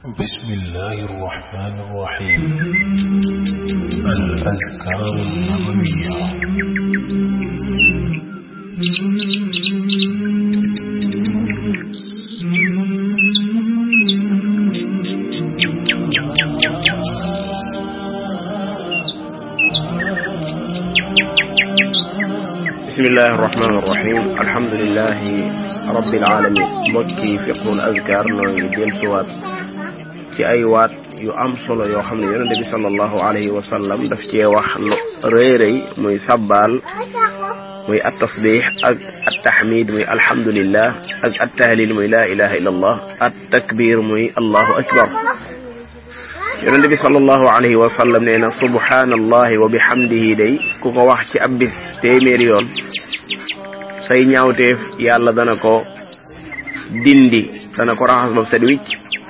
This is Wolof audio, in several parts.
بسم الله الرحمن الرحيم الأذكار النبوية بسم الله الرحمن الرحيم الحمد لله رب العالمين mbokk yi fiqhul azkar nooy dellusiwaat ci ay waat yu am solo yoo xam ne yoona bi sallallahu alayhi wa sallam daf cee wax lu rëy rëy muy sabbaal muy at ak at muy alhamdulillah ak at tahlil muy la ilaha allah muy allahu akbar yonente bi sallallahu alayhi wa sallam nee na subhanallahi wa bihamdihi day ku ko wax ci ab bis téeméeri yoon ñaawteef yàlla dana ko dindi dana ko raxas ba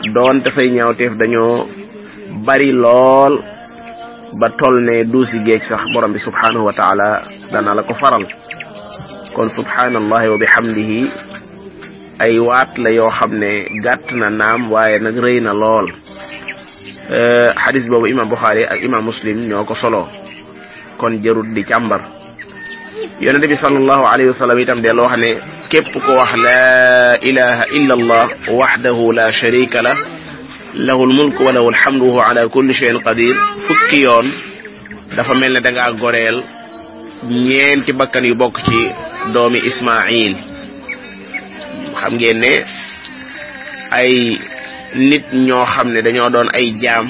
doonte say ñaawteef dañoo bari lool ba toll ne duusi géej sax borom bi subhanahu wa taala dana la ko faral kon subhanallahi wa bihamdihi ay waat la yoo xam ne gàtt na naam waaye nag rëy na lool eh, xadis boobu imam Buxaari ak imam Muslim ñoo ko solo kon jërut di càmbar yonente bi sallallahu alayhi wa itam delloo wax képp ko wax laa ilaha illa allah waxdahu la sharika la lahu lmulk wa lahu lhamdu wa ala qadir fukki yoon dafa mel ne da ngaa ñeenti bakkan yu bokk ci doomi ismail xam ngeen ay nit ñoo xam ne dañoo doon ay jaam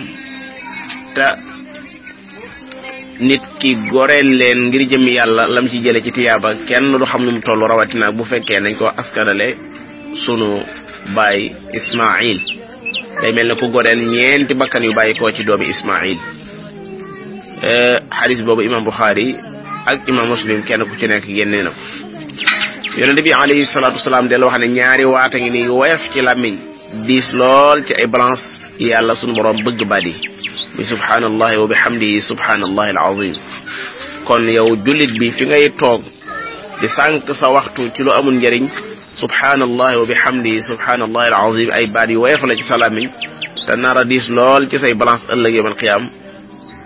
nit ki goreel leen ngir jëmm yàlla lam ci jële ci tiyaaba kenn du xam nu mu toll rawatina bu fekkee dañ ko askanale sunu baay Ismail day mel ne ku goreel ñeenti bakkan yu bàyyi koo ci doomi Ismail eh, xadis boobu imam Buxaari ak imam Muslim kenn ku ci nekk génnee na ko yonente bi alayhi salaatu wasalaam del wax ne ñaari waata ngi ni woyof ci làmmiñ diis lool ci ay balance yàlla sunu borom bëgg badi bi subhaanallahi wa bihamdihi subhaanallahi alazim kon yow jullit bi fi ngay toog di sànq sa waxtu ci lu amul njariñ subhaanallahi wa bihamdihi subhaanallahi alazim ay baat yu woyof la ci salaam yi te nar diis lool ci say balance ëllëg yawmal qiyaam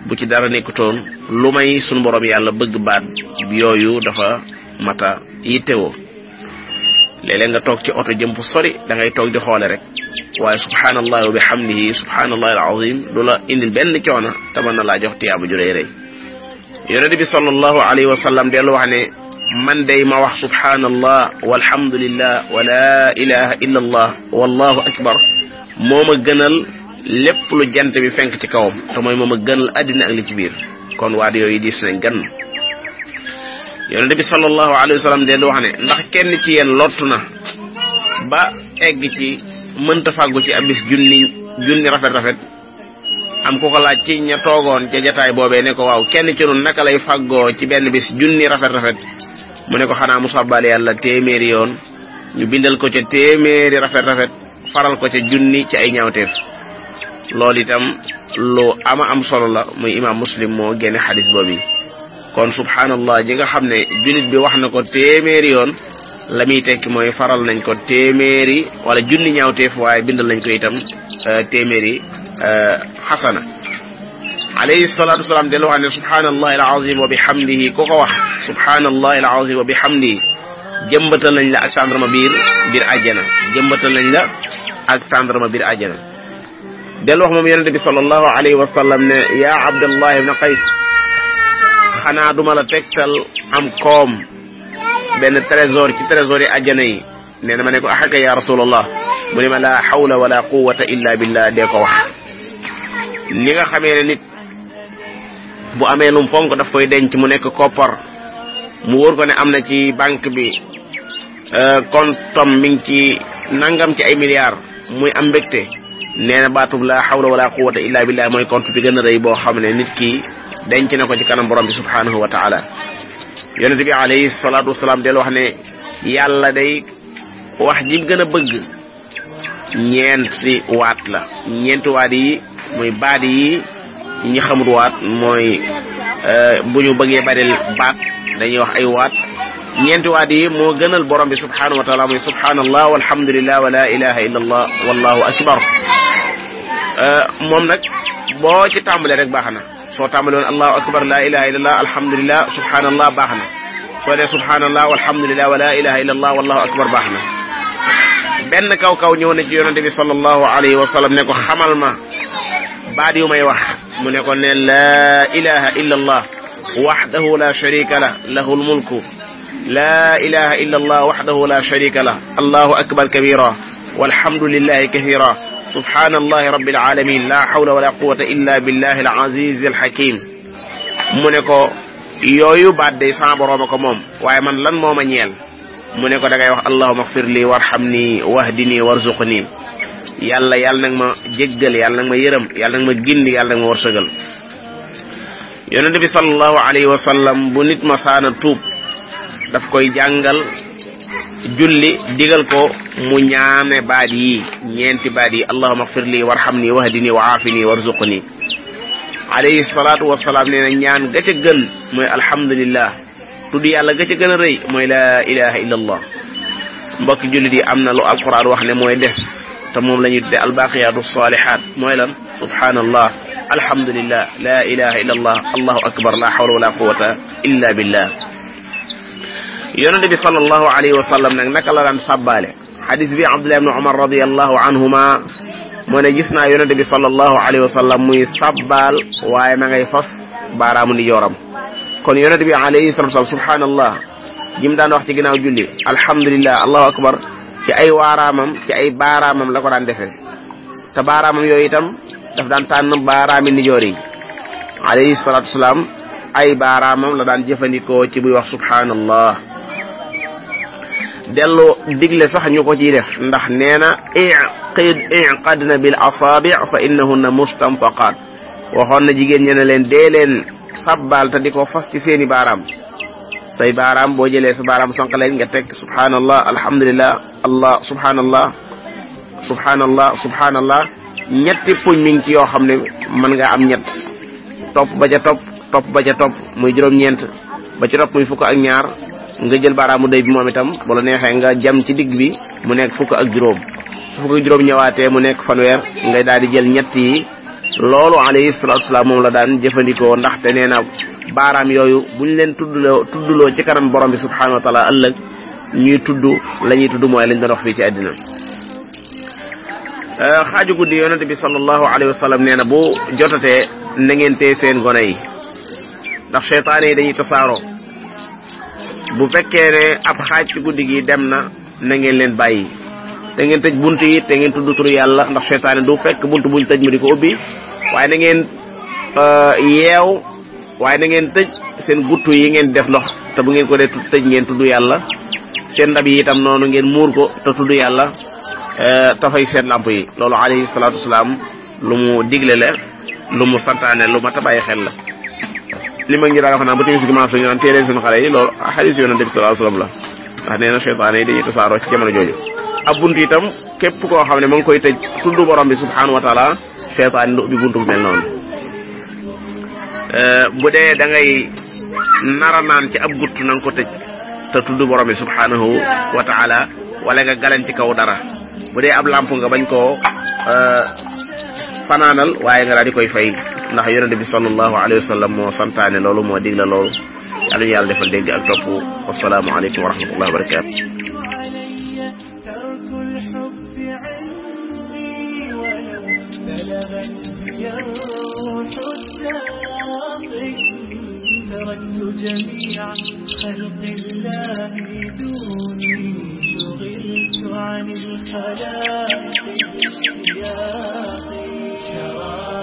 bu ci dara nekkutoon lu may sunu borom yàlla bëgg baat yooyu dafa mata yittewoo léeg-léeg nga toog ci oto jëm fu sori dangay ngay toog di xoole rek waaye subhaanallahi wa bihamdihi subhaanallahi alazim du la indil benn coono te mën na laa jox tiyaaba ju rëy rëy yonent bi sallallahu alayhi wa sallam man day ma wax subhaanallah walhamdulillah wa la ilaha illa allah wallahu akbar moo ma gënal lépp lu jant bi fenk ci kawam te mooy moo ma gënal addina ak ci biir kon waat yooyu diis nañ gan yonent bi sallallahu alayhi wa sallam de du wax ne ndax kenn ci yenn lottu na ba egg ci mënta fàggu ci abis junni junni rafet rafet am ku ko laaj ci ña toogoon ca jataay boobee ne ko waaw kenn ci nun naka lay fàggoo ci benn bis junni rafet rafet mu ne ko xanaa mu sabbal yàlla téeméeri yoon ñu bindal ko ca téeméeri rafet rafet faral ko ca junni ci ay ñaawteef loolu itam lu ama am solo la muy imaam muslim moo génne xadis boobu kon subhanallah ji nga xam ne jullit bi wax na ko téeméeri yoon la muy tekki mooy faral nañ ko téeméeri wala junni ñaawteef waaye bindal nañ ko itam euh, téeméeri euh, xasana alayhi salatu wasalaam del wax ne subhanallahi alazim wa bihamdihi ku ko wax subhanallahi alazim wa bihamdihi jëmbatal nañ la ak tàndarma biir biir àjjana jëmbatal nañ la ak tàndarma biir àjjana del wax moom yonente bi sallallahu alayhi wa sallam ne ya abdallah ibn qays xanaa duma la tegtal am koom benn trésor ci trésor yi àjjana yi nee na ma ne ko axaka ah, ya rasulallah mu ne ma la hawla wala quwwata illa billah dee ko wax ni nga xamee ne nit bu amee lum fonk daf koy denc mu nekk koppar mu wóor ko ne am na ci banque bi euh, kontom mi ngi ci nangam ci ay milliards muy am mbégte nee na baatub la hawla wala quwwata illa billah mooy compte bi gën a boo xam ne nit ki denc na ko ci kanam borom bi subhanahu wa taala yonent bi alayhi salaatu wasalaam del wax ne yàlla day wax jim gën a bëgg ñeent waat la ñeenti waat yi muy baat yi ñi xamut waat mooy euh, bu ñu bëggee baril baat dañuy wax ay waat ñeenti waat yi moo gënal borom bi subhanahu wa taala muy subhanallah walhamdulillah wa la ilaha wallahu akbar euh, moom nag boo ci tàmbalee rek baax na soo tàmbali woon allahu akbar la ilaha illallah alhamdulillah subhanallah baax na soo dee subhanallah walhamdulillah wa la ilaha illallah wallahu akbar baax na benn kaw-kaw ñëw na ci yonente bi sallallahu alayhi wa sallam ne ko xamal ma baat yu may wax mu ne ko ne la ilaha illallah waxdahu la sharika la lahu lmulku la ilaha illallah waxdahu la sharika la allahu akbar kabira walhamdulillahi kathira subhaanallahi rabbil alamin la hawla wala quwwata illa billahi al aziz al hakim mu ne ko yooyu baat day sama borooma ko moom waaye man lan moo ma ñeel mu ne ko da ngay wax allahuma xfir li warhamni wahdini warzuqni yàlla yàlla nag ma jéggal yàlla nag ma yërëm yàlla nag ma gindi yàlla nag ma wërsëgal yonente bi sallallahu alayhi wa sallam bu nit ma saana tuub daf koy jàngal julli digal mu ñaane baat yi ñeenti baat yi allahuma xfir li warhamni wahdini wa aafini warzuqni alayhi salaatu wasalaam nee na ñaan ga ca gën mooy alhamdulillah tudd yàlla ga ca gën a rëy mooy laa ilaha illa allah yi am na lu alquran mooy des te moom la ñuy tudde albaqiyatu alhamdulillah la ilaha illa allah allahu akbar la hawla wala quwata illa billah yonente bi sallallahu alayhi wa naka la daan sàbbaale xadis bi abdullah ibn umar radiallahu anhuma mu naa yonente bi sallallahu alayhi wa sallam muy sàbbaal waaye ma ngay fas baaraamu ni yoram kon yonente bi alayhi jim daan wax ci ginnaaw julli alhamdulillah allahu akbar ci ay waaraamam ci ay baaraamam la ko daan defee te baaraamam yooyu itam daf daan tànn baaraami nijoor yi alayhi salatu wasalaam ay baaraamam la daan jëfandikoo ci buy wax subhanallah delloo digle sax ñu ko ci def ndax nee na iqid iqadna bil asaabi fa innahunna mustanfaqaat waxoon na jigéen ñe ne leen dee leen sabbal te di ko fas ci seeni baaraam say baaraam boo jëlee sa baaraam sonq leen nga teg subhanallah alhamdulillah allah subhanallah subhanallah subhanallah ñetti puñ mi ngi yoo xam ne mën nga am ñett topp ba ca topp topp ba muy juróom-ñeent ba ca topp muy fukk ak ñaar nga jël baaraamu day bi moom itam bu la neexee nga jam ci digg bi mu nekk fukk ak juróom su fukk ak juróom ñëwaatee mu nekk fanweer ngay daal di jël ñett yi loolu alayhi salaatu moom la daan jëfandikoo ndaxte nee na baaraam yooyu buñ leen tudd tuddloo ci kanam borom bi subhanahu wa taala ëllëg ñuy tudd lañuy ñuy tudd mooy lañ doon wax fii ci àddina euh, xaaju guddi yonente bi sallallahu alayhi wa sallam nee na bu jotatee na ngeen seen gone yi ndax seytaane yi dañuy tasaaroo bu fekkee ne ab xaaj ci guddi gi dem na na ngeen leen bàyyi te ngeen tëj bunt yi te ngeen tudd turu yàlla ndax seytaane du fekk bunt buñ tëj mu di ko ubbi waaye na ngeen euh, yeew waaye na ngeen tëj seen guttu yi ngeen def ndox te bu ngeen ko dee tëj ngeen tudd yàlla seen ndab yi itam noonu ngeen muur ko te tudd yàlla euh, tafay seen làmp yi loolu alayhi salaatu wasalaam lu mu digle la lu mu santaane lu ma ta bàyyi xel la li ma ngi daan wax naan bu timis gi commencé ñu naan teel leen seen xale yi loolu xadiis yonent bi sallallahu alayhi wasallam la ndax nee na seytaane yi dañuy tasaaroo ci jamono jooju ab bunt itam képp koo xam ne ma ngi koy tëj tudd borom bi subhaanahu wa taala seytaane du ubbi bunt bu mel noonu euh, da ngay nara naan ci ab gutt na nga ko tëj te tudd borom bi subhaanahu wa taala wala nga ci kaw dara bu dee ab làmp nga bañ koo euh, fanaanal waaye nga daal di koy fay ndax yonente bi sallallahu alayhi wa sallam moo santaane loolu moo digle loolu yàlla yàlla defal dégg ak topp wasalaamu aleykum wa rahmatullahi wa barakatu تركت جميع خلق الله دوني شغلت عن الخلائق يا أخي شراب